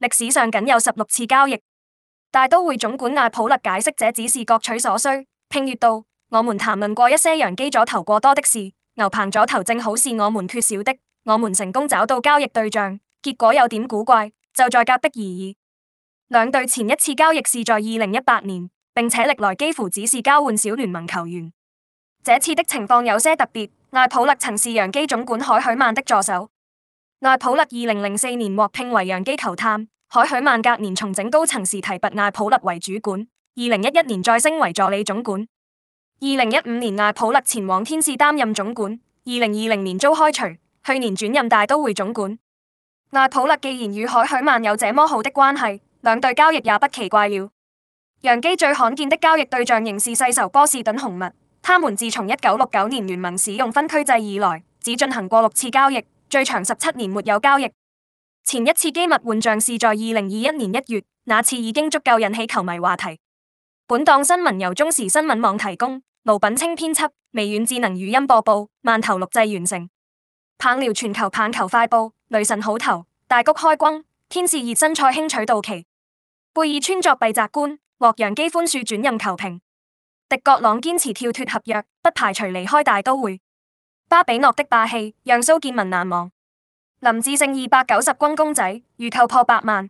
歷史上僅有十六次交易，大都會總管艾普勒解釋這只是各取所需。拼月到。我們談論過一些洋基左投過多的事，牛棚左投正好是我們缺少的。我們成功找到交易對象，結果有點古怪，就在隔壁而已。兩隊前一次交易是在二零一八年，並且歷來幾乎只是交換小聯盟球員。這次的情況有些特別，艾普勒曾是洋基總管海許曼的助手。艾普勒二零零四年獲聘為洋基球探。海許曼隔年重整高層時提拔艾普勒為主管，二零一一年再升為助理總管，二零一五年艾普勒前往天使擔任總管，二零二零年遭開除，去年轉任大都會總管。艾普勒既然與海許曼有這麼好的關係，兩隊交易也不奇怪了。楊基最罕見的交易對象仍是世仇波士頓紅襪，他們自從一九六九年聯盟使用分區制以來，只進行過六次交易，最長十七年沒有交易。前一次機密換將是在二零二一年一月，那次已經足夠引起球迷話題。本檔新聞由中時新聞網提供，盧品清編輯，微軟智能語音播報，萬頭錄製完成。棒聊全球棒球快報：雷神好投，大谷開轟，天使熱身賽輕取道奇。貝爾川作弊被摘冠，獲洋基寬恕轉任球評，迪葛朗堅持跳脫合約，不排除離開大都會。巴比諾的霸氣讓蘇建文難忘。林智勝二百九十軍公仔，預購破百萬。